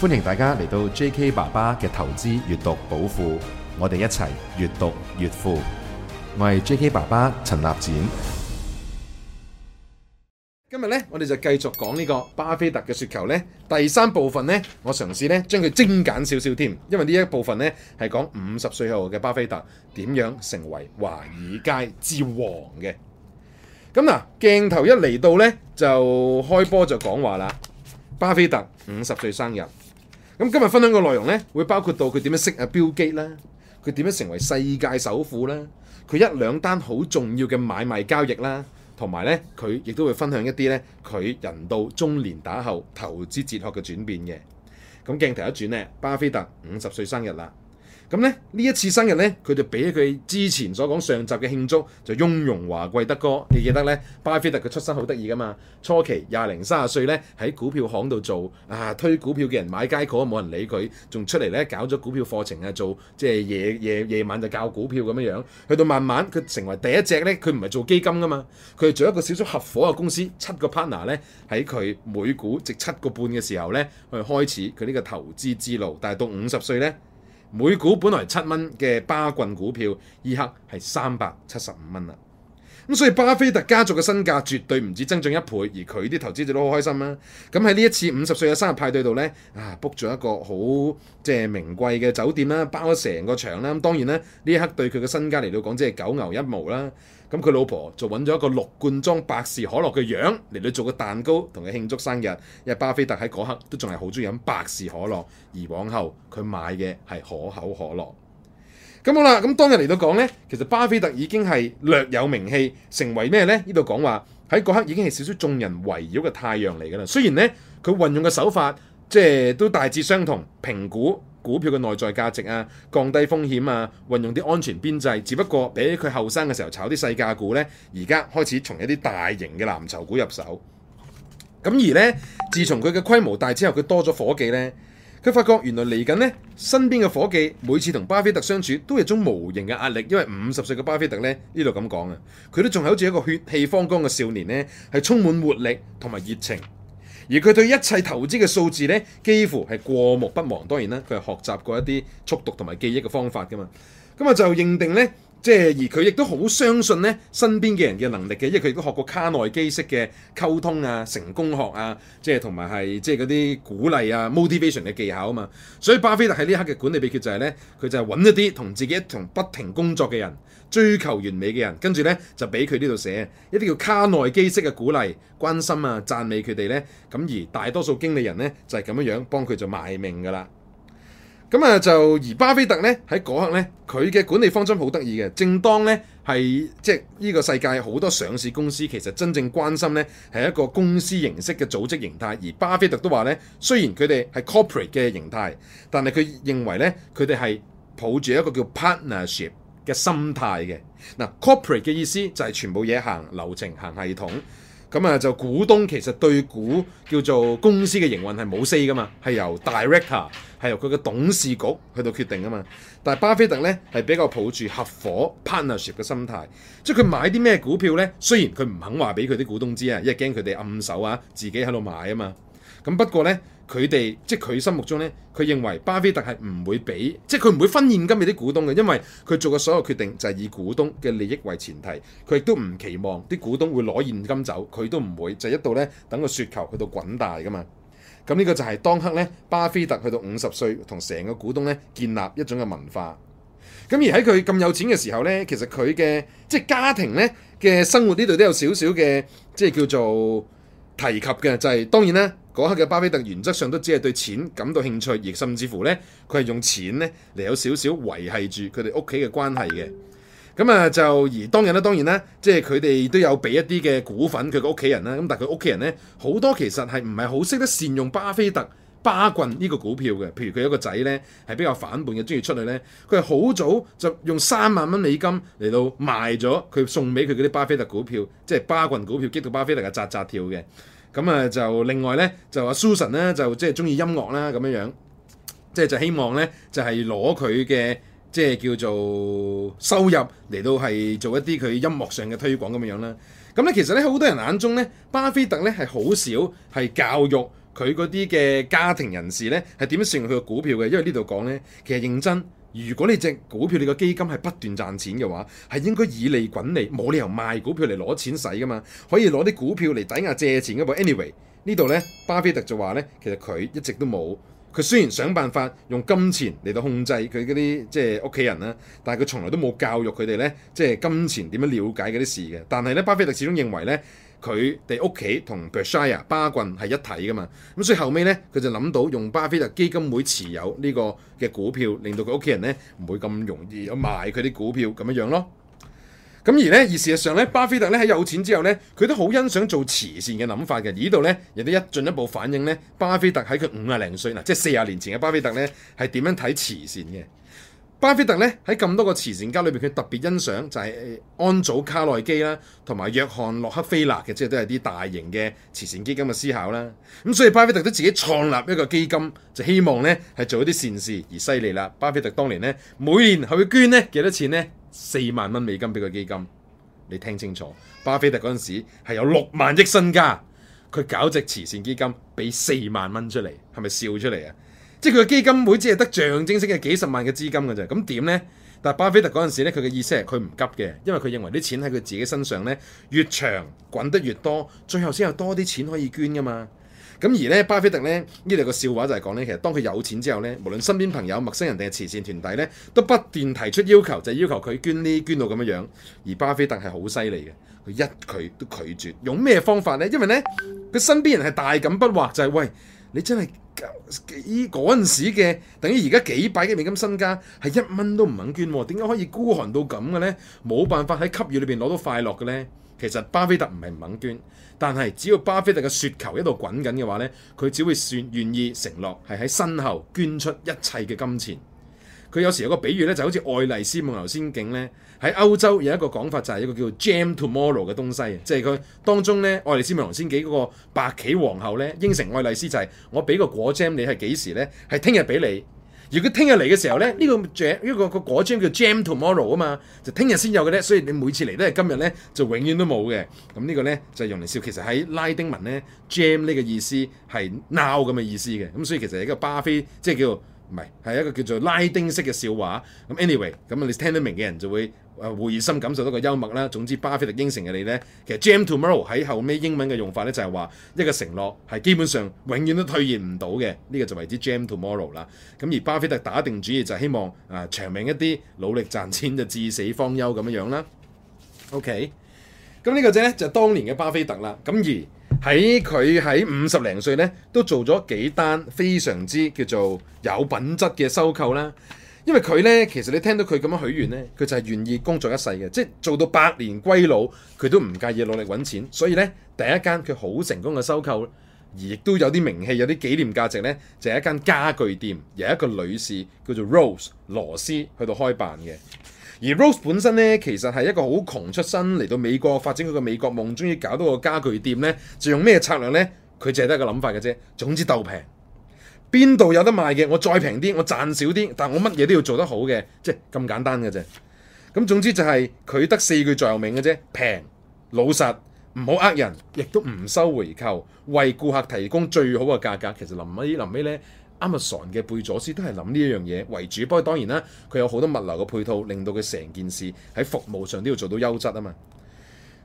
歡迎大家嚟到 J.K. 爸爸嘅投資閱讀寶庫，我哋一齊閱讀越富。我係 J.K. 爸爸陳立展。今日呢，我哋就繼續講呢個巴菲特嘅雪球呢第三部分呢，我嘗試呢將佢精簡少少添，因為呢一部分呢係講五十歲後嘅巴菲特點樣成為華爾街之王嘅。咁嗱，鏡頭一嚟到呢，就開波就講話啦，巴菲特五十歲生日。咁今日分享嘅內容呢，會包括到佢點樣識啊 Bill Gates 啦，佢點樣成為世界首富啦，佢一兩單好重要嘅買賣交易啦，同埋呢，佢亦都會分享一啲呢，佢人到中年打後投資哲學嘅轉變嘅。咁鏡頭一轉呢，巴菲特五十歲生日啦。咁咧呢一次生日咧，佢就比佢之前所講上集嘅慶祝就雍容華貴得多，你記得咧，巴菲特嘅出身好得意噶嘛？初期廿零三十歲咧，喺股票行度做啊推股票嘅人，買街股冇人理佢，仲出嚟咧搞咗股票課程啊，做即係夜夜夜晚就教股票咁樣樣。去到慢慢佢成為第一隻咧，佢唔係做基金噶嘛，佢係做一個小小合夥嘅公司，七個 partner 咧，喺佢每股值七個半嘅時候咧，佢開始佢呢個投資之路。但係到五十歲咧。每股本來七蚊嘅巴郡股票，依刻係三百七十五蚊啦。咁所以巴菲特家族嘅身價絕對唔止增長一倍，而佢啲投資者都好開心啦。咁喺呢一次五十歲嘅生日派對度呢，啊 book 咗一個好即係名貴嘅酒店啦，包咗成個場啦。咁當然呢，呢一刻對佢嘅身家嚟到講，即係九牛一毛啦。咁佢老婆就揾咗一個六罐裝百事可樂嘅樣嚟到做個蛋糕同佢慶祝生日，因為巴菲特喺嗰刻都仲係好中意飲百事可樂，而往後佢買嘅係可口可樂。咁好啦，咁當日嚟到講呢，其實巴菲特已經係略有名氣，成為咩呢？呢度講話喺嗰刻已經係少少眾人圍繞嘅太陽嚟噶啦。雖然呢，佢運用嘅手法即係、呃、都大致相同，評估，股票嘅內在價值啊，降低風險啊，運用啲安全邊際，只不過俾佢後生嘅時候炒啲細價股呢。而家開始從一啲大型嘅藍籌股入手。咁而呢，自從佢嘅規模大之後，佢多咗伙計呢。佢發覺原來嚟緊呢，身邊嘅伙計每次同巴菲特相處都有種無形嘅壓力，因為五十歲嘅巴菲特呢，呢度咁講啊，佢都仲係好似一個血氣方剛嘅少年呢，係充滿活力同埋熱情。而佢對一切投資嘅數字咧，幾乎係過目不忘。當然啦，佢係學習過一啲速讀同埋記憶嘅方法㗎嘛。咁啊，就認定咧。即係而佢亦都好相信咧，身邊嘅人嘅能力嘅，因為佢亦都學過卡內基式嘅溝通啊、成功學啊，即係同埋係即係嗰啲鼓勵啊、motivation 嘅技巧啊嘛。所以巴菲特喺呢一刻嘅管理秘訣就係咧，佢就係揾一啲同自己一同不停工作嘅人、追求完美嘅人，跟住咧就俾佢呢度寫一啲叫卡內基式嘅鼓勵、關心啊、讚美佢哋咧。咁而大多數經理人咧就係咁樣樣幫佢就賣命噶啦。咁啊，就而巴菲特呢，喺嗰刻呢，佢嘅管理方針好得意嘅。正當呢，係即係呢個世界好多上市公司其實真正關心呢，係一個公司形式嘅組織形態。而巴菲特都話呢，雖然佢哋係 corporate 嘅形態，但係佢認為呢，佢哋係抱住一個叫 partnership 嘅心態嘅。嗱，啊，corporate 嘅意思就係全部嘢行流程行系統。咁啊，就股東其實對股叫做公司嘅營運係冇 say 噶嘛，係由 director 係由佢嘅董事局去到決定啊嘛。但係巴菲特咧係比較抱住合伙 partnership 嘅心態，即係佢買啲咩股票咧，雖然佢唔肯話俾佢啲股東知啊，因為驚佢哋暗手啊，自己喺度買啊嘛。咁不過咧。佢哋即係佢心目中呢，佢認為巴菲特係唔會俾，即係佢唔會分現金俾啲股東嘅，因為佢做嘅所有決定就係以股東嘅利益為前提，佢亦都唔期望啲股東會攞現金走，佢都唔會，就係一度呢等個雪球去到滾大噶嘛。咁呢個就係當刻呢，巴菲特去到五十歲，同成個股東呢建立一種嘅文化。咁而喺佢咁有錢嘅時候呢，其實佢嘅即係家庭呢嘅生活呢度都有少少嘅即係叫做。提及嘅就係、是、當然啦，嗰刻嘅巴菲特原則上都只係對錢感到興趣，而甚至乎呢，佢係用錢呢嚟有少少維係住佢哋屋企嘅關係嘅。咁啊就而當然啦，當然啦，即係佢哋都有俾一啲嘅股份佢個屋企人啦。咁但係佢屋企人呢，好多其實係唔係好識得善用巴菲特。巴郡呢個股票嘅，譬如佢有一個仔呢，係比較反叛嘅，中意出嚟呢，佢係好早就用三萬蚊美金嚟到賣咗佢送俾佢嗰啲巴菲特股票，即係巴郡股票，激到巴菲特嘅扎扎跳嘅。咁啊就另外呢，就話 Susan 呢，就即係中意音樂啦咁樣樣，即係就希望呢，就係攞佢嘅即係叫做收入嚟到係做一啲佢音樂上嘅推廣咁嘅樣啦。咁呢，其實呢，好多人眼中呢，巴菲特呢，係好少係教育。佢嗰啲嘅家庭人士咧，係點樣算佢個股票嘅？因為呢度講咧，其實認真，如果你隻股票你個基金係不斷賺錢嘅話，係應該以利滾利，冇理由賣股票嚟攞錢使噶嘛。可以攞啲股票嚟抵押借錢噶嘛。Anyway，呢度咧，巴菲特就話咧，其實佢一直都冇，佢雖然想辦法用金錢嚟到控制佢嗰啲即係屋企人啦，但係佢從來都冇教育佢哋咧，即係金錢點樣了解嗰啲事嘅。但係咧，巴菲特始終認為咧。佢哋屋企同 Berkshire 巴郡係一體噶嘛，咁所以後尾咧，佢就諗到用巴菲特基金會持有呢個嘅股票，令到佢屋企人咧唔會咁容易賣佢啲股票咁樣樣咯。咁而咧，而事實上咧，巴菲特咧喺有錢之後咧，佢都好欣賞做慈善嘅諗法嘅。呢度咧，亦都一進一步反映咧，巴菲特喺佢五十零歲嗱，即係四十年前嘅巴菲特咧，係點樣睇慈善嘅？巴菲特咧喺咁多個慈善家裏邊，佢特別欣賞就係安祖卡內基啦，同埋約翰洛克菲勒嘅，即係都係啲大型嘅慈善基金嘅思考啦。咁所以巴菲特都自己創立一個基金，就希望咧係做一啲善事而犀利啦。巴菲特當年咧每年係會捐咧幾多錢咧？四萬蚊美金俾個基金。你聽清楚，巴菲特嗰陣時係有六萬億身家，佢搞隻慈善基金俾四萬蚊出嚟，係咪笑出嚟啊？即係佢個基金會只係得象徵式嘅幾十萬嘅資金㗎啫，咁點呢？但係巴菲特嗰陣時呢，佢嘅意思係佢唔急嘅，因為佢認為啲錢喺佢自己身上呢，越長滾得越多，最後先有多啲錢可以捐㗎嘛。咁而呢，巴菲特呢，呢度個笑話就係講呢：其實當佢有錢之後呢，無論身邊朋友、陌生人定係慈善團體呢，都不斷提出要求，就係、要求佢捐呢捐到咁樣樣。而巴菲特係好犀利嘅，佢一拒都拒絕。用咩方法呢？因為呢，佢身邊人係大感不惑，就係、係、喂你真係。幾嗰陣時嘅，等於而家幾百億美金身家，係一蚊都唔肯捐，點解可以孤寒到咁嘅呢？冇辦法喺給予裏邊攞到快樂嘅呢。其實巴菲特唔係唔肯捐，但係只要巴菲特嘅雪球一度滾緊嘅話呢，佢只會願願意承諾係喺身後捐出一切嘅金錢。佢有時有個比喻呢，就好似愛麗絲夢遊仙境呢。喺歐洲有一個講法就係、是、一個叫做 jam tomorrow 嘅東西，即係佢當中咧愛麗絲夢遊仙境嗰個白棋皇后咧應承愛麗絲就係、是、我俾個果 jam 你係幾時咧？係聽日俾你。如果聽日嚟嘅時候咧，呢、這個呢、這個、這個果 jam 叫 jam tomorrow 啊嘛，就聽日先有嘅咧。所以你每次嚟都係今日咧，就永遠都冇嘅。咁呢個咧就用嚟笑。其實喺拉丁文咧 jam 呢個意思係 now 咁嘅意思嘅。咁所以其實係一個巴菲即係叫唔係，係一個叫做拉丁式嘅笑話。咁 anyway，咁你 l 得明嘅人就會。誒會心感受到個幽默啦。總之巴菲特應承嘅你呢，其實 jam tomorrow 喺後尾英文嘅用法呢，就係話一個承諾係基本上永遠都兌現唔到嘅，呢、這個就為之 jam tomorrow 啦。咁而巴菲特打定主意就希望誒、呃、長命一啲，努力賺錢就至死方休咁樣樣啦。OK，咁呢個啫就係當年嘅巴菲特啦。咁而喺佢喺五十零歲呢，都做咗幾單非常之叫做有品質嘅收購啦。因為佢咧，其實你聽到佢咁樣許願咧，佢就係願意工作一世嘅，即係做到百年歸老，佢都唔介意努力揾錢。所以咧，第一間佢好成功嘅收購，而亦都有啲名氣、有啲紀念價值咧，就係一間家具店，由一個女士叫做 Rose 羅斯去到開辦嘅。而 Rose 本身咧，其實係一個好窮出身嚟到美國發展佢個美國夢，終於搞到個家具店咧，就用咩策略呢？佢就係得一個諗法嘅啫。總之鬥平。邊度有得賣嘅，我再平啲，我賺少啲，但我乜嘢都要做得好嘅，即係咁簡單嘅啫。咁總之就係佢得四句座右銘嘅啫，平、老實、唔好呃人，亦都唔收回扣，為顧客提供最好嘅價格。其實臨尾臨尾呢，Amazon 嘅貝佐斯都係諗呢一樣嘢為主。不過當然啦，佢有好多物流嘅配套，令到佢成件事喺服務上都要做到優質啊嘛。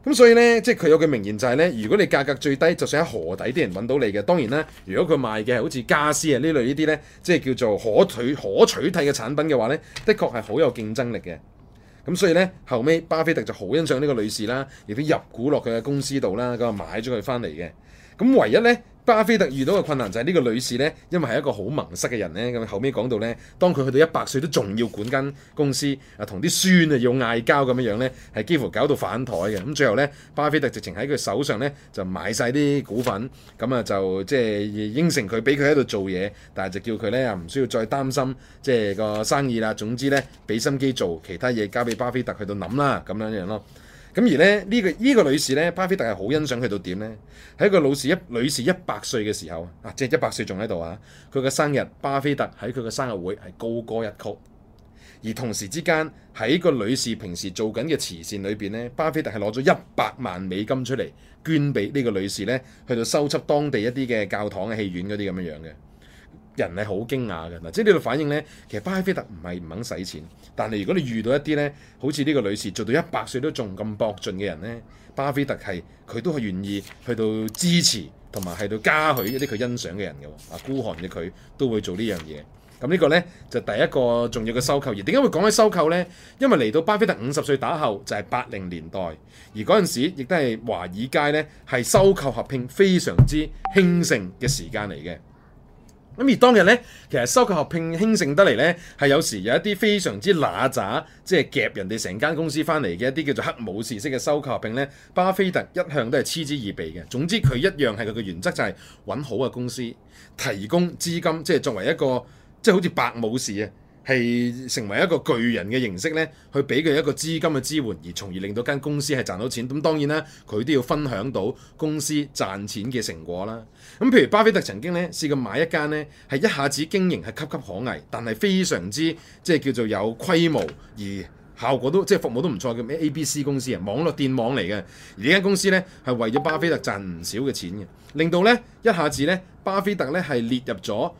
咁所以咧，即係佢有句名言就係咧，如果你價格最低，就算喺河底啲人揾到你嘅。當然啦，如果佢賣嘅係好似傢俬啊呢類呢啲咧，即係叫做可取可取替嘅產品嘅話咧，的確係好有競爭力嘅。咁所以咧，後尾巴菲特就好欣賞呢個女士啦，亦都入股落佢嘅公司度啦，咁買咗佢翻嚟嘅。咁唯一咧。巴菲特遇到嘅困難就係呢個女士呢，因為係一個好盲塞嘅人呢。咁後尾講到呢，當佢去到一百歲都仲要管間公司啊，同啲孫啊要嗌交咁樣樣咧，係幾乎搞到反台嘅。咁、嗯、最後呢，巴菲特直情喺佢手上呢就買晒啲股份，咁啊就即係應承佢俾佢喺度做嘢，但係就叫佢呢，啊唔需要再擔心即係個生意啦。總之呢，俾心機做其他嘢，交俾巴菲特去到諗啦，咁樣這樣咯。咁而咧呢、呢個呢、呢個女士咧，巴菲特係好欣賞佢到點咧？喺個女士一女士一百歲嘅時候啊，即、就、係、是、一百歲仲喺度啊！佢個生日，巴菲特喺佢個生日會係高歌一曲，而同時之間喺個女士平時做緊嘅慈善裏邊咧，巴菲特係攞咗一百萬美金出嚟捐俾呢個女士咧，去到收葺當地一啲嘅教堂啊、戲院嗰啲咁樣樣嘅。人係好驚訝嘅嗱，即係呢個反應呢，其實巴菲特唔係唔肯使錢，但係如果你遇到一啲呢，好似呢個女士做到一百歲都仲咁搏盡嘅人呢，巴菲特係佢都係願意去到支持同埋係到嘉許一啲佢欣賞嘅人嘅。啊，孤寒嘅佢都會做呢樣嘢。咁呢個呢，就係第一個重要嘅收購。而點解會講起收購呢？因為嚟到巴菲特五十歲打後就係八零年代，而嗰陣時亦都係華爾街呢，係收購合併非常之興盛嘅時間嚟嘅。而當日咧，其實收購合併興盛得嚟咧，係有時有一啲非常之邋遢，即係夾人哋成間公司翻嚟嘅一啲叫做黑武士式嘅收購合併咧。巴菲特一向都係嗤之以鼻嘅。總之佢一樣係佢嘅原則就係揾好嘅公司，提供資金，即係作為一個即係好似白武士啊。係成為一個巨人嘅形式咧，去俾佢一個資金嘅支援，而從而令到間公司係賺到錢。咁當然啦，佢都要分享到公司賺錢嘅成果啦。咁、嗯、譬如巴菲特曾經咧試過買一間咧係一下子經營係岌岌可危，但係非常之即係叫做有規模而效果都即係服務都唔錯嘅咩 ABC 公司啊，網絡電網嚟嘅。而呢間公司咧係為咗巴菲特賺唔少嘅錢嘅，令到咧一下子咧巴菲特咧係列入咗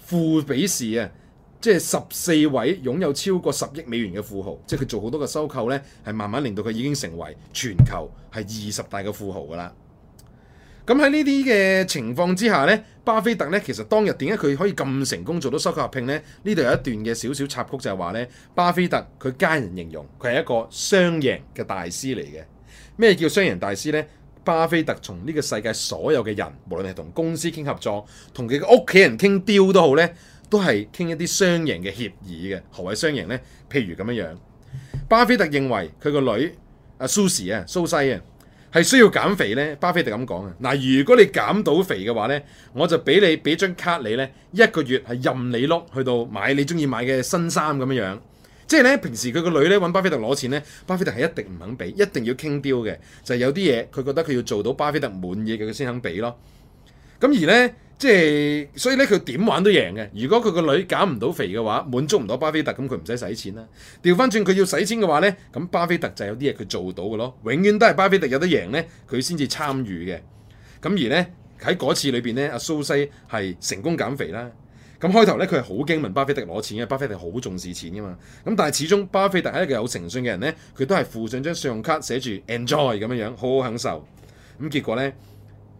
富比士啊。即係十四位擁有超過十億美元嘅富豪，即係佢做好多嘅收購呢，係慢慢令到佢已經成為全球係二十大嘅富豪噶啦。咁喺呢啲嘅情況之下呢，巴菲特呢，其實當日點解佢可以咁成功做到收購合併呢？呢度有一段嘅少少插曲就係話呢，巴菲特佢家人形容佢係一個雙贏嘅大師嚟嘅。咩叫雙贏大師呢？巴菲特從呢個世界所有嘅人，無論係同公司傾合作，同佢嘅屋企人傾 deal 都好呢。都係傾一啲雙贏嘅協議嘅，何謂雙贏呢？譬如咁樣，巴菲特認為佢個女阿蘇士啊、蘇西啊，係、啊、需要減肥呢。巴菲特咁講啊，嗱，如果你減到肥嘅話呢，我就俾你俾張卡你呢，一個月係任你碌去到買你中意買嘅新衫咁樣樣。即、就、係、是、呢，平時佢個女呢，揾巴菲特攞錢呢，巴菲特係一定唔肯俾，一定要傾 deal 嘅，就係、是、有啲嘢佢覺得佢要做到巴菲特滿意嘅，佢先肯俾咯。咁而呢，即係所以呢，佢點玩都贏嘅。如果佢個女減唔到肥嘅話，滿足唔到巴菲特，咁佢唔使使錢啦。調翻轉，佢要使錢嘅話呢，咁巴菲特就有啲嘢佢做到嘅咯。永遠都係巴菲特有得贏呢。佢先至參與嘅。咁而呢，喺嗰次裏邊呢，阿蘇西係成功減肥啦。咁開頭呢，佢係好驚問巴菲特攞錢嘅，巴菲特好重視錢噶嘛。咁但係始終巴菲特係一個有誠信嘅人呢，佢都係附上張信用卡寫住 Enjoy 咁樣樣，好好享受。咁結果呢。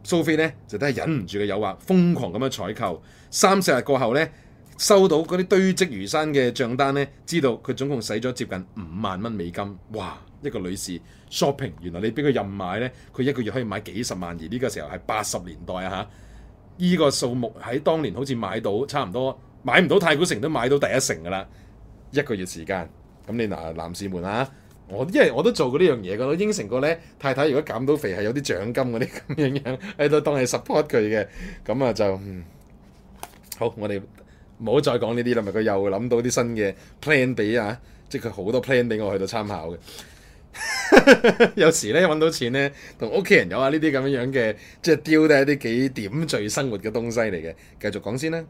蘇菲咧就真係忍唔住嘅誘惑，瘋狂咁樣採購。三四日過後咧，收到嗰啲堆積如山嘅帳單咧，知道佢總共使咗接近五萬蚊美金。哇！一個女士 shopping，原來你俾佢任買咧，佢一個月可以買幾十萬。而呢個時候係八十年代啊嚇，呢個數目喺當年好似買到差唔多買唔到太古城都買到第一城㗎啦。一個月時間，咁你嗱，男士們啊。我因為我都做過呢樣嘢噶，我應承過咧太太，如果減到肥係有啲獎金嗰啲咁樣樣，喺度當係 support 佢嘅，咁啊就、嗯、好，我哋唔好再講呢啲啦，咪佢又諗到啲新嘅 plan 俾，啊，即係佢好多 plan 俾我去到參考嘅。 有時咧揾到錢咧，同屋企人有啊呢啲咁樣樣嘅，即係丟低啲幾點綴生活嘅東西嚟嘅，繼續講先啦。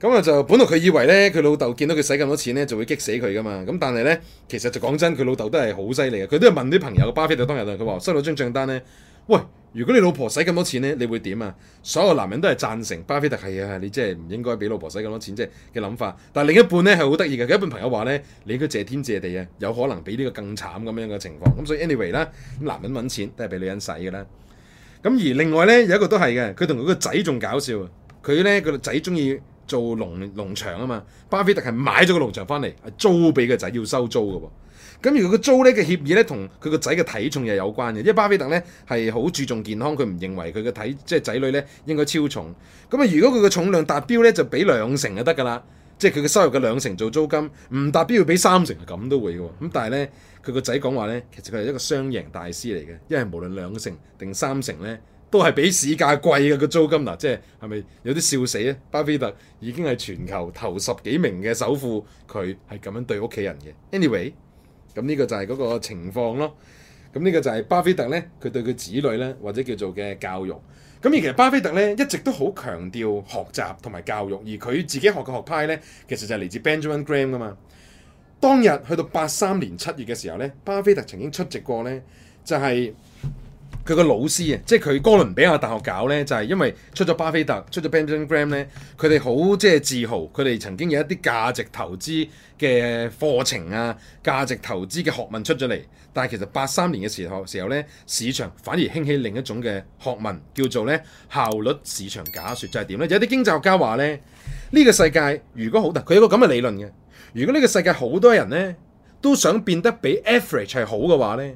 咁啊，就本嚟佢以為咧，佢老豆見到佢使咁多錢咧，就會激死佢噶嘛。咁但係咧，其實就講真，佢老豆都係好犀利嘅。佢都係問啲朋友，巴菲特當日啊，佢話收到張賬單咧，喂，如果你老婆使咁多錢咧，你會點啊？所有男人都係贊成巴菲特係啊、哎，你即係唔應該俾老婆使咁多錢，即係嘅諗法。但係另一半咧係好得意嘅，佢一半朋友話咧，你應該謝天謝地啊，有可能比呢個更慘咁樣嘅情況。咁所以 anyway 啦，男人揾錢都係俾女人使嘅啦。咁而另外咧有一個都係嘅，佢同佢個仔仲搞笑。佢咧佢個仔中意。做農農場啊嘛，巴菲特係買咗個農場翻嚟，租俾個仔要收租嘅喎，哦。咁如果個租呢嘅協議呢，同佢個仔嘅體重又有關嘅，因為巴菲特呢係好注重健康，佢唔認為佢嘅體即係仔女呢應該超重。咁啊，如果佢嘅重量達標呢，就俾兩成就得㗎啦，即係佢嘅收入嘅兩成做租金，唔達標要俾三成，咁都會嘅，哦。咁但係呢，佢個仔講話呢，其實佢係一個雙贏大師嚟嘅，因為無論兩成定三成呢，都係比市價貴嘅個租金嗱、啊，即係係咪有啲笑死啊？巴菲特已經係全球頭十幾名嘅首富，佢係咁樣對屋企人嘅。Anyway，咁呢個就係嗰個情況咯。咁、這、呢個就係巴菲特呢，佢對佢子女呢，或者叫做嘅教育。咁而其實巴菲特呢，一直都好強調學習同埋教育，而佢自己學嘅學派呢，其實就係嚟自 Benjamin Graham 噶嘛。當日去到八三年七月嘅時候呢，巴菲特曾經出席過呢，就係、是。佢個老師啊，即係佢哥倫比亞大學搞呢，就係、是、因為出咗巴菲特、出咗 Benjamin Graham 呢。佢哋好即係自豪，佢哋曾經有一啲價值投資嘅課程啊，價值投資嘅學問出咗嚟。但係其實八三年嘅時候時候呢，市場反而興起另一種嘅學問，叫做呢效率市場假説，就係點呢？有啲經濟學家話呢，呢、這個世界如果好突，佢有個咁嘅理論嘅。如果呢個世界好多人呢，都想變得比 average 係好嘅話呢。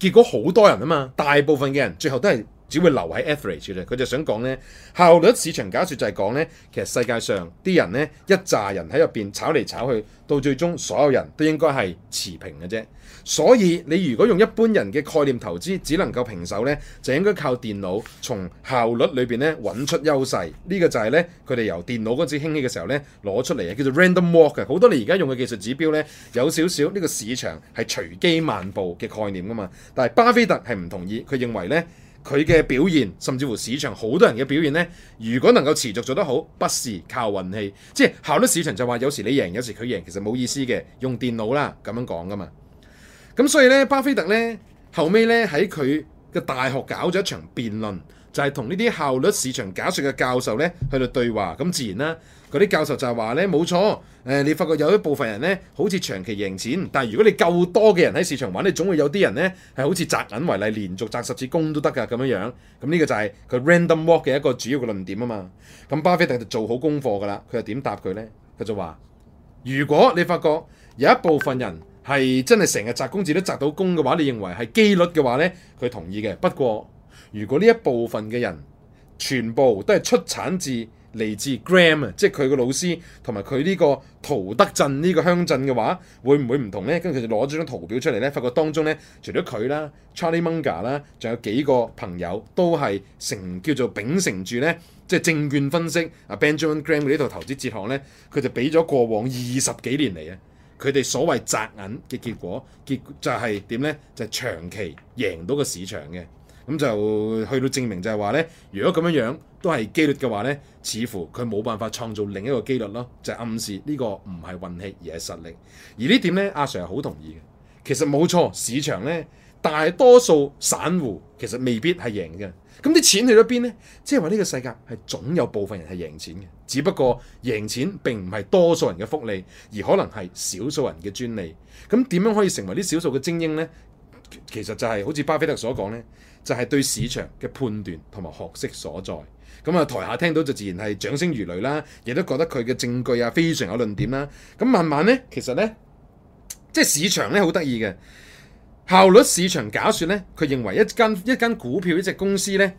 結果好多人啊嘛，大部分嘅人最後都係。只會留喺 average 嘅啫，佢就想講呢，效率市場假設就係講呢，其實世界上啲人呢一揸人喺入邊炒嚟炒去，到最終所有人都應該係持平嘅啫。所以你如果用一般人嘅概念投資，只能夠平手呢，就應該靠電腦從效率裏邊呢揾出優勢。呢個就係呢，佢哋由電腦嗰陣時興起嘅時候呢攞出嚟嘅叫做 random walk 嘅。好多你而家用嘅技術指標呢，有少少呢個市場係隨機漫步嘅概念噶嘛。但係巴菲特係唔同意，佢認為呢。佢嘅表現，甚至乎市場好多人嘅表現呢，如果能夠持續做得好，不是靠運氣，即係效率市場就話有時你贏，有時佢贏，其實冇意思嘅，用電腦啦，咁樣講噶嘛。咁所以呢，巴菲特呢，後尾呢，喺佢嘅大學搞咗一場辯論，就係同呢啲效率市場假説嘅教授呢去到對話，咁自然啦、啊。嗰啲教授就係話咧，冇錯，誒、呃，你發覺有一部分人咧，好似長期贏錢，但係如果你夠多嘅人喺市場玩，你總會有啲人咧係好似砸銀為例，連續砸十次公都得㗎咁樣樣。咁呢、這個就係佢 random walk 嘅一個主要嘅論點啊嘛。咁、嗯、巴菲特就做好功課㗎啦，佢又點答佢咧？佢就話：如果你發覺有一部分人係真係成日砸公字都砸到公嘅話，你認為係機率嘅話咧，佢同意嘅。不過，如果呢一部分嘅人全部都係出產自……」嚟自 Graham 啊，即係佢個老師同埋佢呢個圖德鎮呢個鄉鎮嘅話，會唔會唔同咧？跟住佢就攞咗張圖表出嚟咧，發覺當中咧，除咗佢啦、Charlie Munger 啦，仲有幾個朋友都係承叫做秉承住咧，即係證券分析啊，Benjamin Graham 嘅呢套投資哲學咧，佢就俾咗過往二十幾年嚟啊，佢哋所謂集銀嘅結果，結果就係點咧？就係、長期贏到個市場嘅，咁就去到證明就係話咧，如果咁樣樣。都係機率嘅話呢，似乎佢冇辦法創造另一個機率咯，就係暗示呢個唔係運氣而係實力。而呢點呢，阿 Sir 係好同意嘅。其實冇錯，市場呢，大多數散戶其實未必係贏嘅。咁啲錢去咗邊呢？即係話呢個世界係總有部分人係贏錢嘅，只不過贏錢並唔係多數人嘅福利，而可能係少數人嘅專利。咁點樣可以成為啲少數嘅精英呢？其實就係好似巴菲特所講呢，就係對市場嘅判斷同埋學識所在。咁啊，台下聽到就自然係掌聲如雷啦，亦都覺得佢嘅證據啊非常有論點啦。咁慢慢咧，其實咧，即係市場咧好得意嘅，效率市場假說咧，佢認為一間一間股票一隻公司咧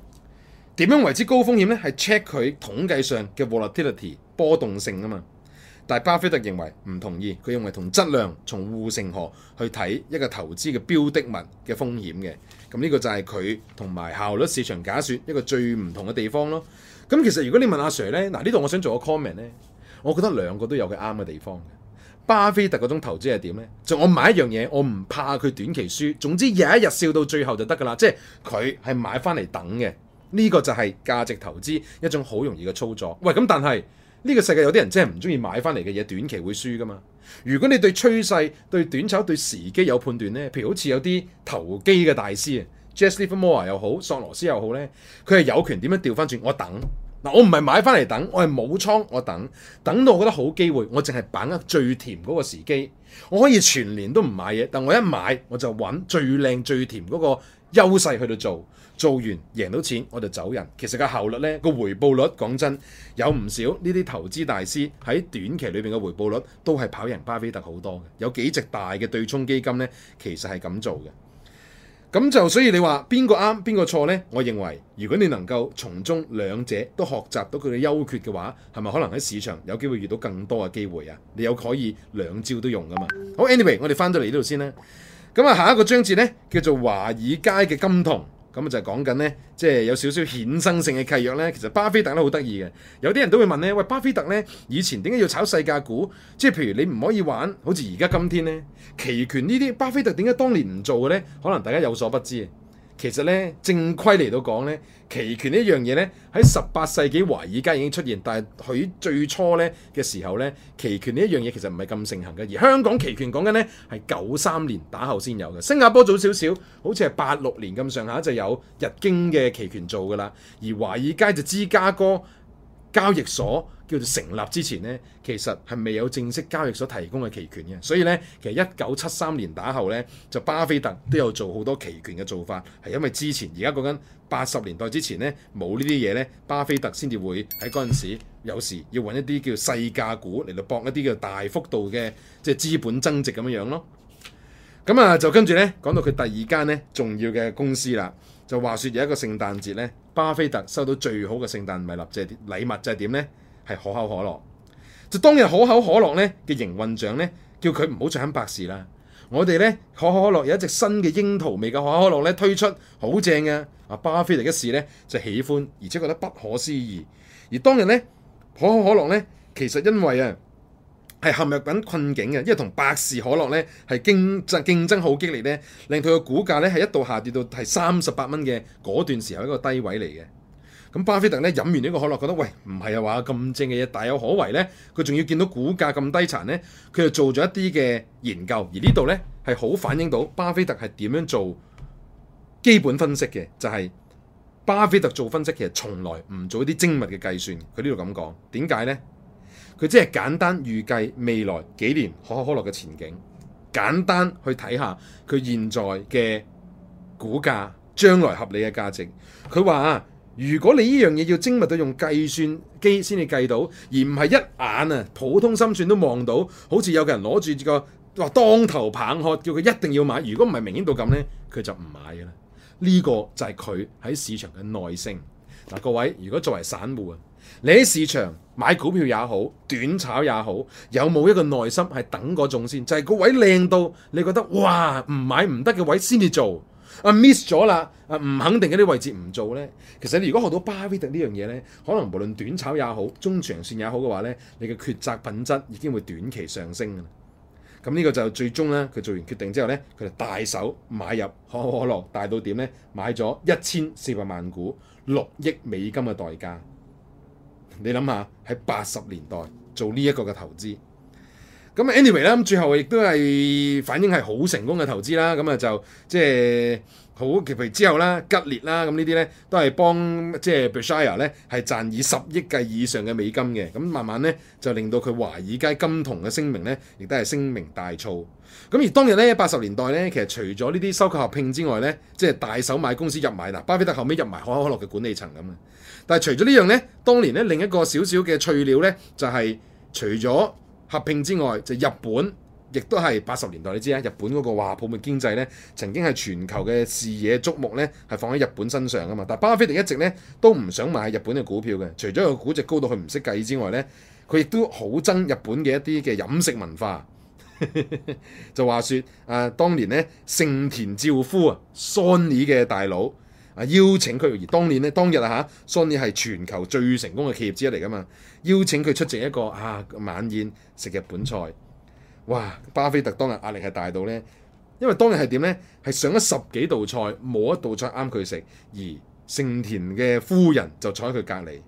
點樣為之高風險咧，係 check 佢統計上嘅 volatility 波動性啊嘛。但巴菲特認為唔同意，佢認為同質量從護城河去睇一個投資嘅標的物嘅風險嘅，咁呢個就係佢同埋效率市場假説一個最唔同嘅地方咯。咁其實如果你問阿 Sir 咧，嗱呢度我想做個 comment 呢，我覺得兩個都有佢啱嘅地方。巴菲特嗰種投資係點呢？就我買一樣嘢，我唔怕佢短期輸，總之日一日笑到最後就得㗎啦。即係佢係買翻嚟等嘅，呢、這個就係價值投資一種好容易嘅操作。喂，咁但係。呢個世界有啲人真係唔中意買翻嚟嘅嘢，短期會輸噶嘛。如果你對趨勢、對短炒、對時機有判斷呢，譬如好似有啲投機嘅大師啊 ，Jesse Livermore 又好，索羅斯又好呢，佢係有權點樣調翻轉？我等嗱，我唔係買翻嚟等，我係冇倉我等，等到我覺得好機會，我淨係把握最甜嗰個時機，我可以全年都唔買嘢，但我一買我就揾最靚最甜嗰個優勢去到做。做完贏到錢，我就走人。其實個效率呢，個回報率講真有唔少。呢啲投資大師喺短期裏面嘅回報率都係跑贏巴菲特好多嘅。有幾隻大嘅對沖基金呢，其實係咁做嘅。咁就所以你話邊個啱，邊個錯呢？我認為如果你能夠從中兩者都學習到佢嘅優缺嘅話，係咪可能喺市場有機會遇到更多嘅機會啊？你有可以兩招都用㗎嘛？好，anyway，我哋翻到嚟呢度先啦。咁啊，下一個章節呢，叫做華爾街嘅金童。咁就係講緊呢，即係有少少衍生性嘅契約呢。其實巴菲特都好得意嘅，有啲人都會問呢，喂，巴菲特呢？以前點解要炒細價股？即係譬如你唔可以玩，好似而家今天呢，期權呢啲，巴菲特點解當年唔做嘅呢？可能大家有所不知。其實咧，正規嚟到講咧，期權呢樣嘢咧，喺十八世紀華爾街已經出現，但係佢最初咧嘅時候咧，期權呢一樣嘢其實唔係咁盛行嘅。而香港期權講緊咧係九三年打後先有嘅，新加坡早少少，好似係八六年咁上下就有日經嘅期權做㗎啦，而華爾街就芝加哥交易所叫做成立之前呢，其實係未有正式交易所提供嘅期權嘅，所以呢，其實一九七三年打後呢，就巴菲特都有做好多期權嘅做法，係因為之前而家講緊八十年代之前呢，冇呢啲嘢呢，巴菲特先至會喺嗰陣時有時要揾一啲叫細價股嚟到搏一啲叫大幅度嘅即係資本增值咁樣樣咯。咁啊，就跟住咧，講到佢第二間咧重要嘅公司啦，就話説有一個聖誕節咧，巴菲特收到最好嘅聖誕禮物，即係禮物就係點咧？係可口可樂。就當日可口可樂咧嘅營運長咧，叫佢唔好再肯百事啦。我哋咧可口可樂有一隻新嘅櫻桃味嘅可口可樂咧推出，好正嘅。阿巴菲特一試咧就喜歡，而且覺得不可思議。而當日咧可口可樂咧其實因為啊，係陷入緊困境嘅，因為同百事可樂咧係競爭競爭好激烈咧，令佢嘅股價咧係一度下跌到係三十八蚊嘅嗰段時候一個低位嚟嘅。咁巴菲特咧飲完呢個可樂，覺得喂，唔係啊話，咁正嘅嘢大有可為咧。佢仲要見到股價咁低殘咧，佢就做咗一啲嘅研究。而呢度咧係好反映到巴菲特係點樣做基本分析嘅，就係巴菲特做分析其實從來唔做一啲精密嘅計算。佢呢度咁講，點解咧？佢即係簡單預計未來幾年可口可樂嘅前景，簡單去睇下佢現在嘅股價，將來合理嘅價值。佢話啊，如果你呢樣嘢要精密到用計算機先至計到，而唔係一眼啊，普通心算都望到，好似有個人攞住個話當頭棒喝，叫佢一定要買。如果唔係明顯到咁呢，佢就唔買嘅啦。呢個就係佢喺市場嘅耐性。嗱，各位，如果作為散戶啊，你喺市場買股票也好，短炒也好，有冇一個耐心係等嗰種先？就係個位靚到你覺得哇唔買唔得嘅位先至做啊，miss 咗啦啊，唔肯定嗰啲位置唔做呢。其實你如果學到巴菲特呢樣嘢呢，可能無論短炒也好，中長線也好嘅話呢，你嘅抉擇品質已經會短期上升嘅。咁呢個就最終呢，佢做完決定之後呢，佢就大手買入可口可樂大到點呢？買咗一千四百萬股六億美金嘅代價。你諗下喺八十年代做呢一個嘅投資，咁 anyway 啦，咁最後亦都係反映係好成功嘅投資啦。咁啊就即係好，譬如之後啦、吉列啦，咁呢啲咧都係幫即係 Bashir 咧係賺以十億計以上嘅美金嘅。咁慢慢咧就令到佢華爾街金童嘅聲名咧，亦都係聲名大噪。咁而當日咧，八十年代咧，其實除咗呢啲收購合併之外咧，即係大手買公司入埋嗱，巴菲特後尾入埋可口可樂嘅管理層咁啊。但係除咗呢樣呢，當年咧，另一個少少嘅趣料呢，就係、是、除咗合併之外，就是、日本亦都係八十年代你知啦，日本嗰個哇泡沫經濟咧，曾經係全球嘅視野矚目呢，係放喺日本身上噶嘛。但巴菲特一直呢，都唔想買日本嘅股票嘅，除咗個估值高到佢唔識計之外呢，佢亦都好憎日本嘅一啲嘅飲食文化， 就話說啊、呃，當年呢，盛田昭夫啊 Sony 嘅大佬。啊！邀請佢，而當年咧，當日啊嚇，Sony 係全球最成功嘅企業之一嚟㗎嘛，邀請佢出席一個啊晚宴食日本菜。哇！巴菲特當日壓力係大到咧，因為當日係點咧？係上咗十幾道菜，冇一道菜啱佢食，而盛田嘅夫人就坐喺佢隔籬。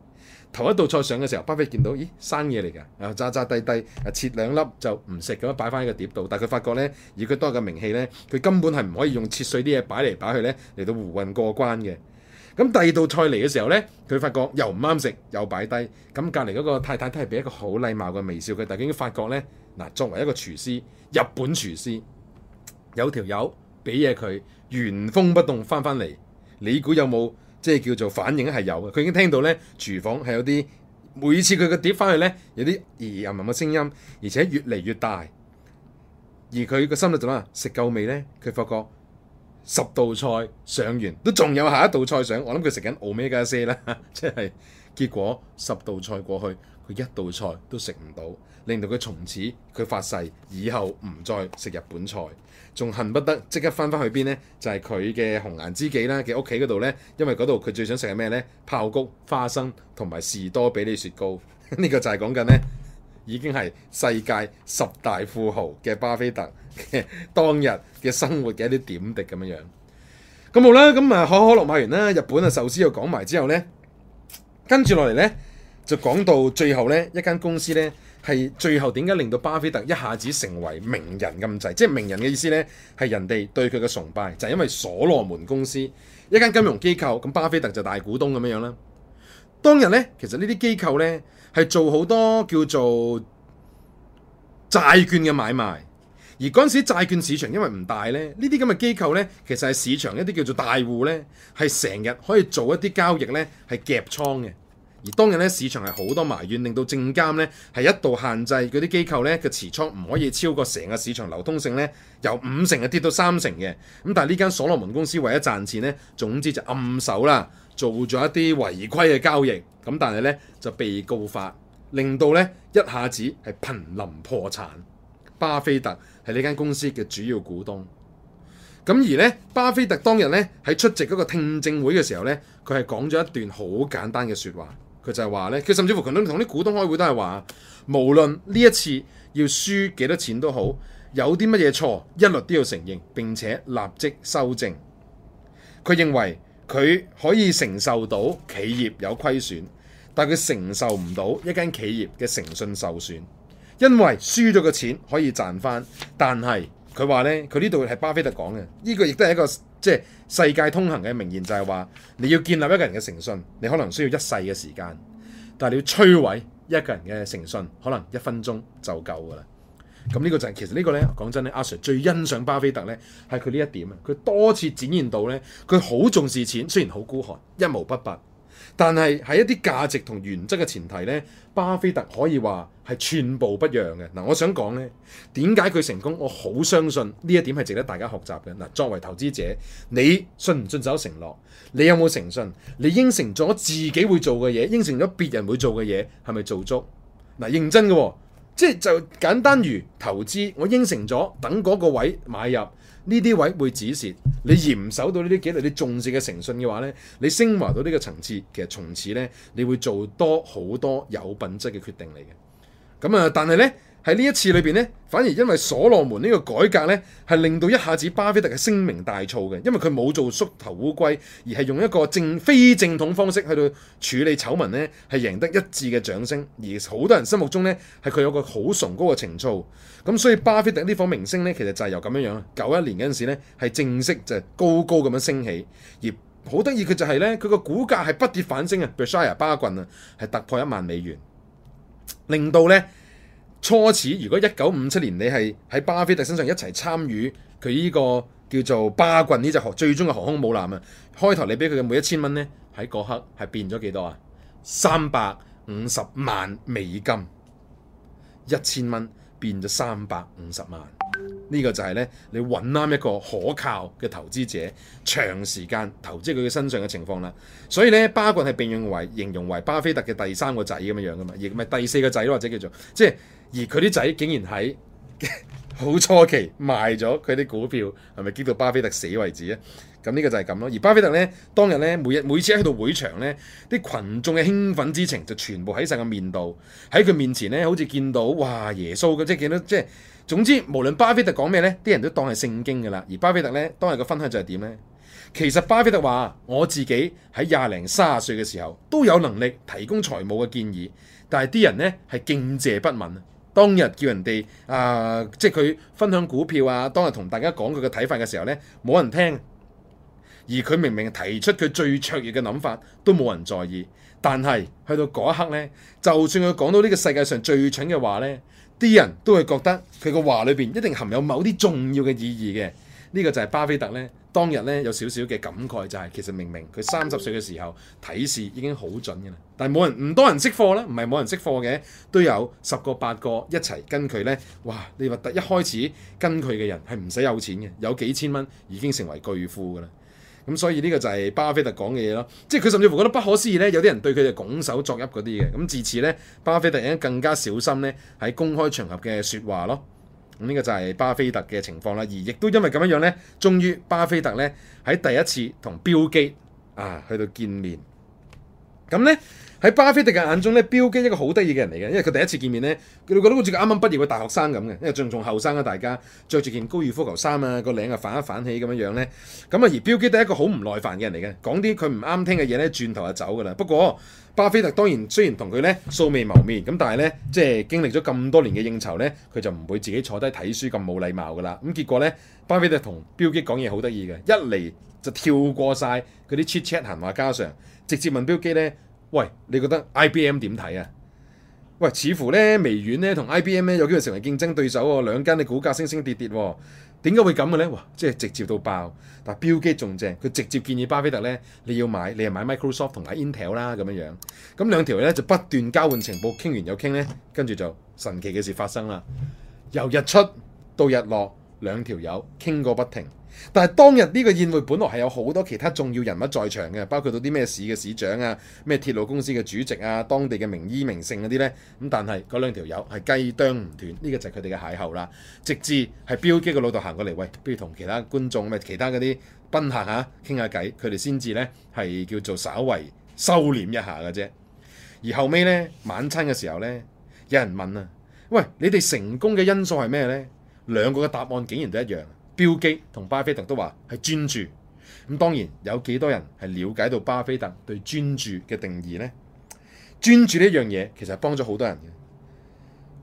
頭一道菜上嘅時候，巴菲特見到，咦，生嘢嚟㗎，啊，渣渣地地，啊，切兩粒就唔食咁樣擺翻喺個碟度。但係佢發覺咧，以佢多嘅名氣咧，佢根本係唔可以用切碎啲嘢擺嚟擺去咧嚟到胡混過關嘅。咁第二道菜嚟嘅時候咧，佢發覺又唔啱食，又擺低。咁隔離嗰個太太都係俾一個好禮貌嘅微笑。佢但已經發覺咧，嗱，作為一個廚師，日本廚師有條友俾嘢佢原封不動翻翻嚟，你估有冇？即係叫做反應係有嘅，佢已經聽到咧廚房係有啲每次佢個碟返去咧有啲疑疑吟吟嘅聲音，而且越嚟越大。而佢個心度就話，食夠未咧？佢發覺十道菜上完都仲有下一道菜上，我諗佢食緊 omakase 先啦，即係。結果十道菜過去，佢一道菜都食唔到，令到佢從此佢發誓以後唔再食日本菜，仲恨不得即刻翻返去邊呢？就係佢嘅紅顏知己啦，嘅屋企嗰度呢，因為嗰度佢最想食係咩呢？爆穀花生同埋士多比利雪糕，呢 個就係講緊呢已經係世界十大富豪嘅巴菲特 當日嘅生活嘅一啲點滴咁樣樣。咁好啦，咁啊可口可樂買完啦，日本啊壽司又講埋之後呢。跟住落嚟呢，就講到最後呢，一間公司呢，係最後點解令到巴菲特一下子成為名人咁滯？即係名人嘅意思呢，係人哋對佢嘅崇拜，就係因為所羅門公司一間金融機構，咁巴菲特就大股東咁樣樣啦。當日呢，其實呢啲機構呢，係做好多叫做債券嘅買賣。而嗰陣時債券市場因為唔大咧，呢啲咁嘅機構呢，其實係市場一啲叫做大戶呢，係成日可以做一啲交易呢，係夾倉嘅。而當日呢，市場係好多埋怨，令到證監呢係一度限制嗰啲機構呢嘅持倉唔可以超過成個市場流通性呢，由五成啊跌到三成嘅。咁但係呢間所羅門公司為咗賺錢呢，總之就暗手啦，做咗一啲違規嘅交易，咁但係呢，就被告發，令到呢一下子係瀕臨破產。巴菲特係呢間公司嘅主要股東，咁而呢，巴菲特當日呢喺出席嗰個聽證會嘅時候呢，佢係講咗一段好簡單嘅說話，佢就係話呢，佢甚至乎同啲同啲股東開會都係話，無論呢一次要輸幾多錢都好，有啲乜嘢錯一律都要承認，並且立即修正。佢認為佢可以承受到企業有虧損，但佢承受唔到一間企業嘅誠信受損。因為輸咗個錢可以賺翻，但係佢話呢，佢呢度係巴菲特講嘅，呢個亦都係一個即係世界通行嘅名言，就係話你要建立一個人嘅誠信，你可能需要一世嘅時間，但係你要摧毀一個人嘅誠信，可能一分鐘就夠噶啦。咁呢個就係其實呢個呢，講真呢，阿 Sir 最欣賞巴菲特呢，係佢呢一點啊，佢多次展現到呢，佢好重視錢，雖然好孤寒，一毛不拔。但係喺一啲價值同原則嘅前提呢，巴菲特可以話係寸步不讓嘅。嗱，我想講呢，點解佢成功？我好相信呢一點係值得大家學習嘅。嗱，作為投資者，你信唔信守承諾？你有冇誠信？你應承咗自己會做嘅嘢，應承咗別人會做嘅嘢，係咪做足？嗱，認真嘅喎，即係就簡單如投資，我應承咗等嗰個位買入。呢啲位會指示你嚴守到呢啲紀律，你重視嘅誠信嘅話咧，你升華到呢個層次，其實從此咧，你會做多好多有品質嘅決定嚟嘅。咁啊，但係咧。喺呢一次裏邊呢，反而因為所羅門呢個改革呢，係令到一下子巴菲特嘅聲名大噪嘅，因為佢冇做縮頭烏龜，而係用一個正非正統方式去到處理醜聞呢，係贏得一致嘅掌聲，而好多人心目中呢，係佢有個好崇高嘅情操。咁所以巴菲特呢顆明星呢，其實就係由咁樣樣，九一年嗰陣時呢，係正式就高高咁樣升起，而好得意嘅就係呢，佢個股價係不跌反升啊，Berkshire 巴，巴郡啊，係突破一萬美元，令到呢。初始如果一九五七年你係喺巴菲特身上一齊參與佢呢個叫做巴郡呢隻學最終嘅航空母艦啊，開頭你俾佢嘅每一千蚊咧，喺嗰刻係變咗幾多啊？三百五十萬美金，一千蚊變咗三百五十萬。呢、這個就係咧，你搵啱一個可靠嘅投資者，長時間投資佢嘅身上嘅情況啦。所以咧，巴郡係被認為形容為巴菲特嘅第三個仔咁樣樣噶嘛，亦咪第四個仔咯，或者叫做即係。而佢啲仔竟然喺 好初期賣咗佢啲股票，係咪激到巴菲特死為止咧？咁呢個就係咁咯。而巴菲特呢，當日呢，每日每次喺度會場呢，啲群眾嘅興奮之情就全部喺晒個面度，喺佢面前呢，好似見到哇耶穌嘅，即係見到即係總之無論巴菲特講咩呢，啲人都當係聖經嘅啦。而巴菲特呢，當日嘅分享就係點呢？其實巴菲特話我自己喺廿零三十歲嘅時候都有能力提供財務嘅建議，但係啲人呢，係敬謝不敏。當日叫人哋啊、呃，即係佢分享股票啊，當日同大家講佢嘅睇法嘅時候咧，冇人聽。而佢明明提出佢最卓越嘅諗法，都冇人在意。但係去到嗰一刻咧，就算佢講到呢個世界上最蠢嘅話咧，啲人都會覺得佢個話裏邊一定含有某啲重要嘅意義嘅。呢、這個就係巴菲特咧。當日咧有少少嘅感慨，就是，就係其實明明佢三十歲嘅時候睇市已經好準嘅啦，但係冇人唔多人識貨啦，唔係冇人識貨嘅都有十個八個一齊跟佢咧，哇！你話一開始跟佢嘅人係唔使有錢嘅，有幾千蚊已經成為巨富嘅啦。咁所以呢個就係巴菲特講嘅嘢咯，即係佢甚至乎覺得不可思議咧，有啲人對佢哋拱手作揖嗰啲嘅。咁自此咧，巴菲特應該更加小心咧喺公開場合嘅説話咯。呢個就係巴菲特嘅情況啦，而亦都因為咁樣樣咧，終於巴菲特咧喺第一次同 Bill Gates 啊去到見面，咁咧。喺巴菲特嘅眼中咧，標基一個好得意嘅人嚟嘅，因為佢第一次見面咧，佢覺得好似個啱啱畢業嘅大學生咁嘅，因為仲仲後生啊，大家着住件高爾夫球衫啊，個領啊反一反起咁樣樣咧，咁啊而標基都係一個好唔耐煩嘅人嚟嘅，講啲佢唔啱聽嘅嘢咧，轉頭就走噶啦。不過巴菲特當然雖然同佢咧素未謀面，咁但係咧即係經歷咗咁多年嘅應酬咧，佢就唔會自己坐低睇書咁冇禮貌噶啦。咁結果咧，巴菲特同標基講嘢好得意嘅，一嚟就跳過晒嗰啲 chit chat 閒話，加上直接問標基咧。喂，你覺得 IBM 點睇啊？喂，似乎咧微軟咧同 IBM 咧有機會成為競爭對手喎、哦，兩間嘅股價升升跌跌、哦，點解會咁嘅咧？哇，即係直接到爆，但係 Bill Gates 仲正，佢直接建議巴菲特咧你要買，你係買 Microsoft 同埋 Intel 啦咁樣樣，咁兩條咧就不斷交換情報，傾完又傾咧，跟住就神奇嘅事發生啦，由日出到日落，兩條友傾個過不停。但係當日呢個宴會本來係有好多其他重要人物在場嘅，包括到啲咩市嘅市長啊、咩鐵路公司嘅主席啊、當地嘅名醫名勝嗰啲呢。咁但係嗰兩條友係雞啄唔斷，呢個就係佢哋嘅邂逅啦。直至係標機嘅老豆行過嚟，喂，不如同其他觀眾、咩其他嗰啲賓客吓傾下偈，佢哋先至呢係叫做稍微收斂一下㗎啫。而後尾呢，晚餐嘅時候呢，有人問啊，喂，你哋成功嘅因素係咩呢？兩個嘅答案竟然都一樣。Bill Gates 同巴菲特都話係專注，咁當然有幾多人係了解到巴菲特對專注嘅定義呢？「專注」呢一樣嘢其實幫咗好多人嘅。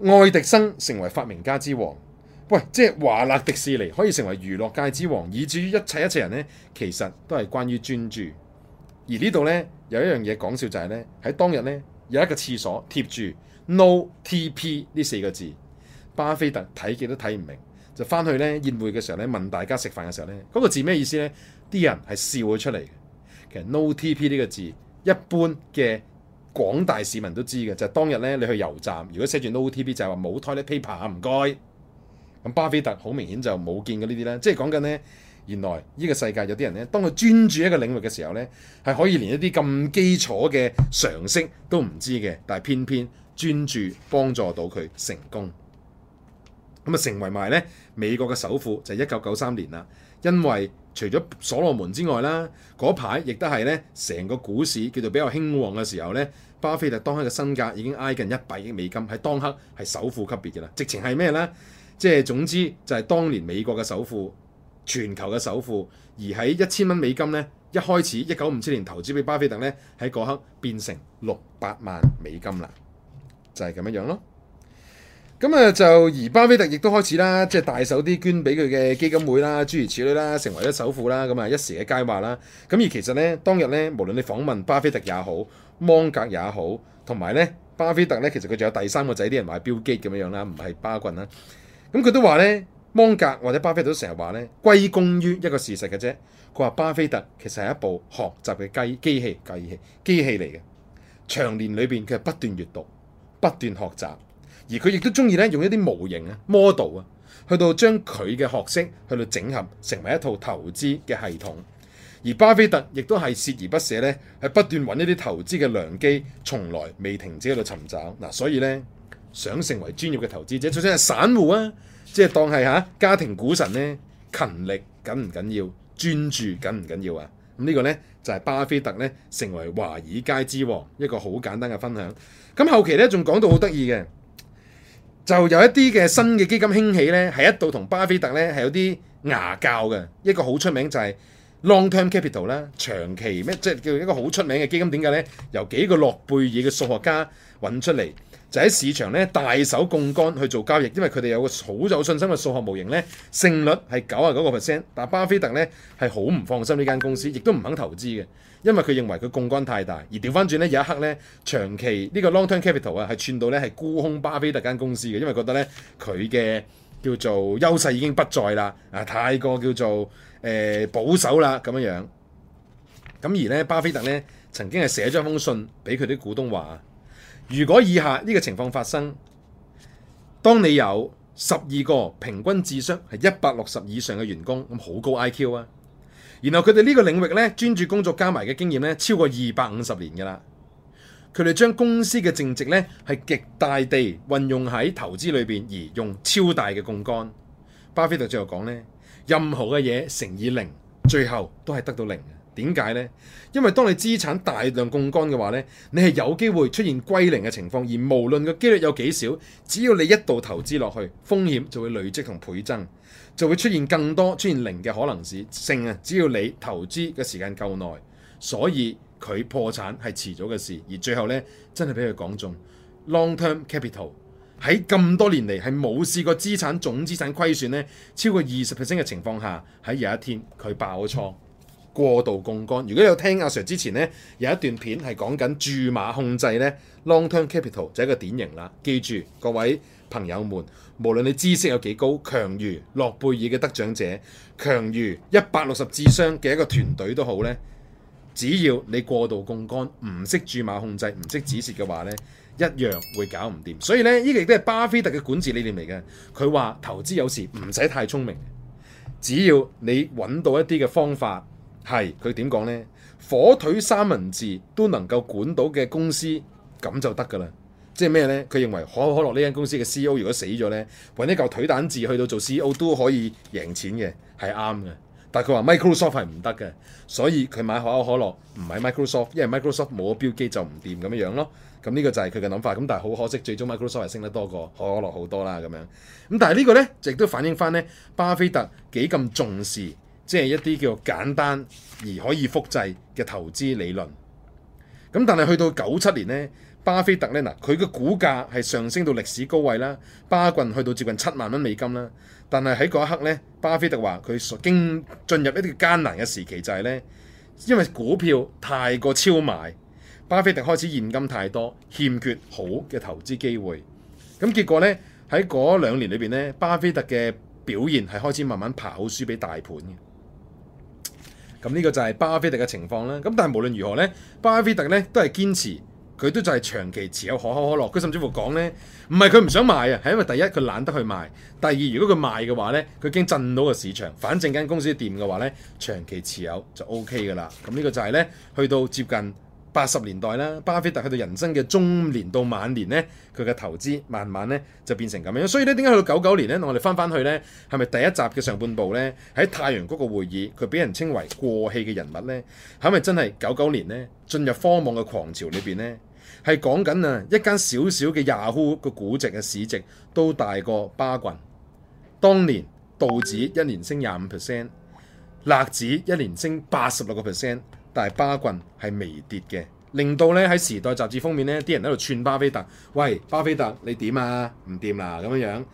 愛迪生成為發明家之王，喂，即係華納迪士尼可以成為娛樂界之王，以至於一切一切人呢，其實都係關於專注。而呢度呢，有一樣嘢講笑就係呢，喺當日呢，有一個廁所貼住 No TP 呢四個字，巴菲特睇極都睇唔明。就翻去咧宴會嘅時候咧，問大家食飯嘅時候咧，嗰個字咩意思咧？啲人係笑咗出嚟嘅。其實 no TP 呢個字，一般嘅廣大市民都知嘅，就係當日咧你去油站，如果寫住 no TP 就係話冇 toilet paper 啊，唔該。咁巴菲特好明顯就冇見過呢啲咧，即係講緊咧，原來呢個世界有啲人咧，當佢專注一個領域嘅時候咧，係可以連一啲咁基礎嘅常識都唔知嘅，但係偏偏專注幫助到佢成功。咁啊，成為埋咧美國嘅首富就係一九九三年啦。因為除咗所羅門之外啦，嗰排亦都係咧成個股市叫做比較興旺嘅時候咧，巴菲特當刻嘅身價已經挨近一百億美金，喺當刻係首富級別嘅啦。直情係咩咧？即係總之就係當年美國嘅首富，全球嘅首富，而喺一千蚊美金咧，一開始一九五七年投資俾巴菲特咧，喺嗰刻變成六百萬美金啦，就係咁樣樣咯。咁啊，就而巴菲特亦都開始啦，即係大手啲捐俾佢嘅基金會啦，諸如此類啦，成為咗首富啦，咁啊一時嘅佳話啦。咁而其實咧，當日咧，無論你訪問巴菲特也好，芒格也好，同埋咧，巴菲特咧，其實佢仲有第三個仔，啲人話標機咁樣樣啦，唔係巴郡啦。咁佢都話咧，芒格或者巴菲特成日話咧，歸功於一個事實嘅啫。佢話巴菲特其實係一部學習嘅機機器機器機器嚟嘅，長年裏邊佢係不斷閱讀、不斷學習。而佢亦都中意咧用一啲模型啊 model 啊，去到將佢嘅學識去到整合成為一套投資嘅系統。而巴菲特亦都係鍥而不捨咧，係不斷揾一啲投資嘅良機，從來未停止喺度尋找嗱、啊。所以咧，想成為專業嘅投資者，或者係散戶啊，即係當係嚇、啊、家庭股神咧，勤力緊唔緊要，專注緊唔緊要啊？咁、這個、呢個咧就係、是、巴菲特咧成為華爾街之王一個好簡單嘅分享。咁後期咧仲講到好得意嘅。就有一啲嘅新嘅基金興起呢，係一度同巴菲特呢係有啲牙交嘅，一個好出名就係 Long Term Capital 啦，長期咩即係叫一個好出名嘅基金，點解呢？由幾個諾貝爾嘅數學家揾出嚟。就喺市場咧大手槓桿去做交易，因為佢哋有個好有信心嘅數學模型咧，勝率係九啊九個 percent。但巴菲特咧係好唔放心呢間公司，亦都唔肯投資嘅，因為佢認為佢槓桿太大。而掉返轉咧有一刻咧，長期、這個、long term 呢個 long-term capital 啊係串到咧係沽空巴菲特間公司嘅，因為覺得咧佢嘅叫做優勢已經不在啦，啊太過叫做誒、呃、保守啦咁樣樣。咁而咧巴菲特咧曾經係寫咗封信俾佢啲股東話。如果以下呢個情況發生，當你有十二個平均智商係一百六十以上嘅員工，咁好高 IQ 啊，然後佢哋呢個領域呢專注工作加埋嘅經驗呢超過二百五十年㗎喇，佢哋將公司嘅淨值呢係極大地運用喺投資裏邊而用超大嘅槓桿。巴菲特最後講呢，任何嘅嘢乘以零，最後都係得到零。點解呢？因為當你資產大量槓桿嘅話呢，你係有機會出現歸零嘅情況，而無論個幾率有幾少，只要你一度投資落去，風險就會累積同倍增，就會出現更多出現零嘅可能性性啊！只要你投資嘅時間夠耐，所以佢破產係遲早嘅事，而最後呢，真係俾佢講中。Long-term capital 喺咁多年嚟係冇試過資產總資產虧損呢，超過二十 percent 嘅情況下，喺有一天佢爆倉。嗯過度槓桿。如果有聽阿 Sir 之前呢，有一段片係講緊注碼控制呢 Long Term Capital 就係一個典型啦。記住各位朋友們，無論你知識有幾高，強如諾貝爾嘅得獎者，強如一百六十智商嘅一個團隊都好呢，只要你過度槓桿，唔識注碼控制，唔識止蝕嘅話呢，一樣會搞唔掂。所以呢，呢個亦都係巴菲特嘅管治理念嚟嘅。佢話投資有時唔使太聰明，只要你揾到一啲嘅方法。係佢點講呢？火腿三文治都能夠管到嘅公司咁就得噶啦。即係咩呢？佢認為可口可樂呢間公司嘅 CEO 如果死咗呢，揾一嚿腿蛋字去到做 CEO 都可以贏錢嘅，係啱嘅。但係佢話 Microsoft 係唔得嘅，所以佢買可口可樂唔買 Microsoft，因為 Microsoft 冇咗標機就唔掂咁樣樣咯。咁、這、呢個就係佢嘅諗法。咁但係好可惜，最終 Microsoft 係升得多過可口可樂好多啦。咁樣咁但係呢個呢，亦都反映翻呢巴菲特幾咁重視。即係一啲叫簡單而可以複製嘅投資理論。咁但係去到九七年呢，巴菲特呢，嗱，佢嘅股價係上升到歷史高位啦，巴郡去到接近七萬蚊美金啦。但係喺嗰一刻呢，巴菲特話佢所經進入一啲艱難嘅時期，就係、是、呢，因為股票太過超賣，巴菲特開始現金太多，欠缺好嘅投資機會。咁結果呢，喺嗰兩年裏邊呢，巴菲特嘅表現係開始慢慢跑輸俾大盤嘅。咁呢個就係巴菲特嘅情況啦。咁但係無論如何呢，巴菲特呢都係堅持佢都就係長期持有可口可樂。佢甚至乎講呢，唔係佢唔想賣啊，係因為第一佢懶得去賣，第二如果佢賣嘅話呢，佢驚震到個市場。反正間公司掂嘅話呢，長期持有就 OK 㗎喇。咁、這、呢個就係呢，去到接近。八十年代啦，巴菲特去到人生嘅中年到晚年呢，佢嘅投資慢慢呢就變成咁樣。所以呢，點解去到九九年呢？我哋翻翻去呢，係咪第一集嘅上半部呢？喺太陽谷個會議，佢俾人稱為過氣嘅人物呢，係咪真係九九年呢？進入科網嘅狂潮裏邊呢，係講緊啊一間小小嘅 Yahoo 個估值嘅市值都大過巴郡。當年道指一年升廿五 percent，納指一年升八十六個 percent。但係巴郡係微跌嘅，令到咧喺時代雜誌封面咧啲人喺度串巴菲特：喂，巴菲特你點啊？唔掂啦咁樣樣。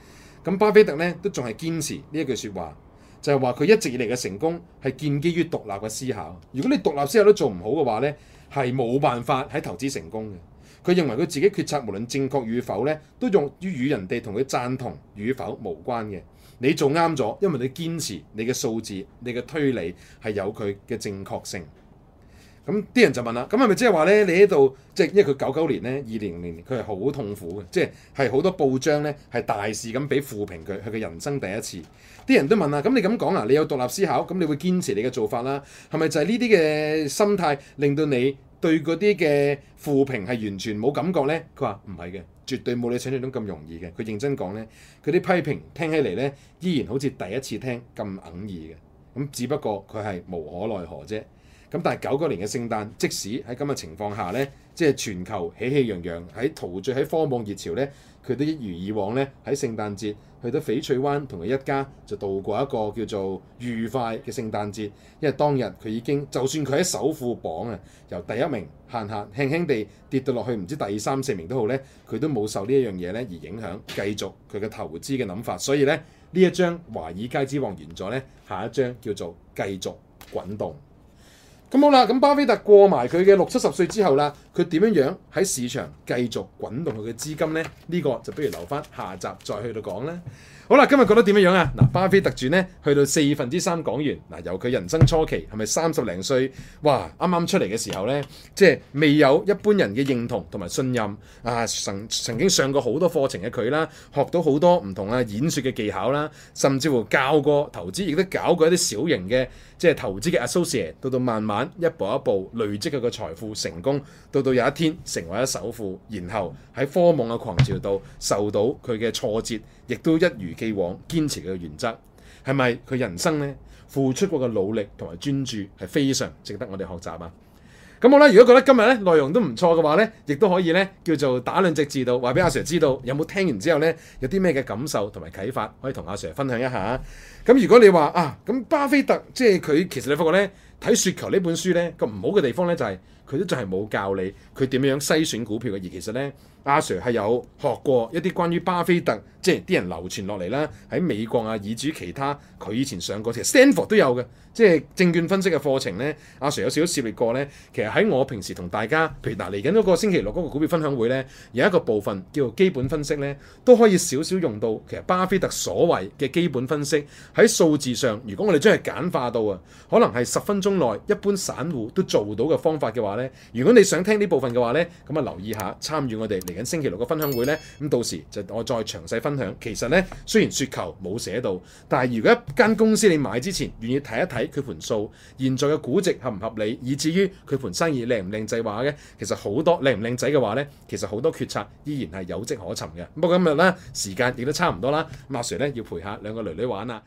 咁巴菲特咧都仲係堅持呢一句説話，就係話佢一直以嚟嘅成功係建基於獨立嘅思考。如果你獨立思考都做唔好嘅話咧，係冇辦法喺投資成功嘅。佢認為佢自己決策無論正確與否咧，都用於與人哋同佢贊同與否無關嘅。你做啱咗，因為你堅持你嘅數字、你嘅推理係有佢嘅正確性。咁啲人就問啦，咁係咪即係話咧？你喺度即係因為佢九九年咧，二零零年佢係好痛苦嘅，即係係好多報章咧係大肆咁俾負評佢，佢嘅人生第一次。啲人都問啦，咁你咁講啊？你有獨立思考，咁你會堅持你嘅做法啦？係咪就係呢啲嘅心態令到你對嗰啲嘅負評係完全冇感覺咧？佢話唔係嘅，絕對冇你想象中咁容易嘅。佢認真講咧，佢啲批評聽起嚟咧，依然好似第一次聽咁拮耳嘅，咁只不過佢係無可奈何啫。咁但係九九年嘅聖誕，即使喺噉嘅情況下呢，即係全球喜氣洋洋喺陶醉喺科網熱潮呢，佢都一如以往呢，喺聖誕節去到翡翠灣同佢一家就度過一個叫做愉快嘅聖誕節。因為當日佢已經就算佢喺首富榜啊，由第一名閒閒輕輕地跌到落去唔知第三四名都好呢，佢都冇受呢一樣嘢呢而影響，繼續佢嘅投資嘅諗法。所以呢，呢一張華爾街之王完咗呢，下一張叫做繼續滾動。咁好啦，咁巴菲特過埋佢嘅六七十歲之後啦，佢點樣樣喺市場繼續滾動佢嘅資金呢？呢、呢個就不如留翻下集再去度講啦。好啦，今日覺得點樣樣啊？嗱，巴菲特轉咧去到四分之三港元，嗱，由佢人生初期係咪三十零歲？哇，啱啱出嚟嘅時候咧，即係未有一般人嘅認同同埋信任啊！曾曾經上過好多課程嘅佢啦，學到好多唔同啊演説嘅技巧啦，甚至乎教過投資，亦都搞過一啲小型嘅即係投資嘅 associate，到到慢慢一步一步累積佢嘅財富，成功到到有一天成為咗首富，然後喺科網嘅狂潮度受到佢嘅挫折。亦都一如既往堅持佢嘅原則，係咪佢人生呢付出過嘅努力同埋專注係非常值得我哋學習啊？咁好啦，如果覺得今日呢內容都唔錯嘅話呢，亦都可以呢叫做打兩隻字道，話俾阿 Sir 知道有冇聽完之後呢，有啲咩嘅感受同埋啟發，可以同阿 Sir 分享一下。咁如果你話啊，咁巴菲特即係佢其實你發覺呢睇雪球呢本書呢個唔好嘅地方呢，就係、是。佢都就係冇教你佢點樣篩選股票嘅，而其實呢，阿 Sir 係有學過一啲關於巴菲特，即係啲人流傳落嚟啦，喺美國啊、以至其他，佢以前上過，其實 Stanford 都有嘅，即係證券分析嘅課程呢，阿 Sir 有少少涉獵過呢。其實喺我平時同大家，譬如嗱嚟緊嗰個星期六嗰個股票分享會呢，有一個部分叫做基本分析呢，都可以少少用到。其實巴菲特所謂嘅基本分析喺數字上，如果我哋將佢簡化到啊，可能係十分鐘內一般散戶都做到嘅方法嘅話。如果你想聽呢部分嘅話呢，咁啊留意下參與我哋嚟緊星期六嘅分享會呢。咁到時就我再詳細分享。其實呢，雖然雪球冇寫到，但係如果一間公司你買之前願意睇一睇佢盤數，現在嘅估值合唔合理，以至於佢盤生意靚唔靚仔話嘅，其實好多靚唔靚仔嘅話呢，其實好多決策依然係有跡可尋嘅。不過今日咧時間亦都差唔多啦，阿 Sir 咧要陪下兩個女女玩啊。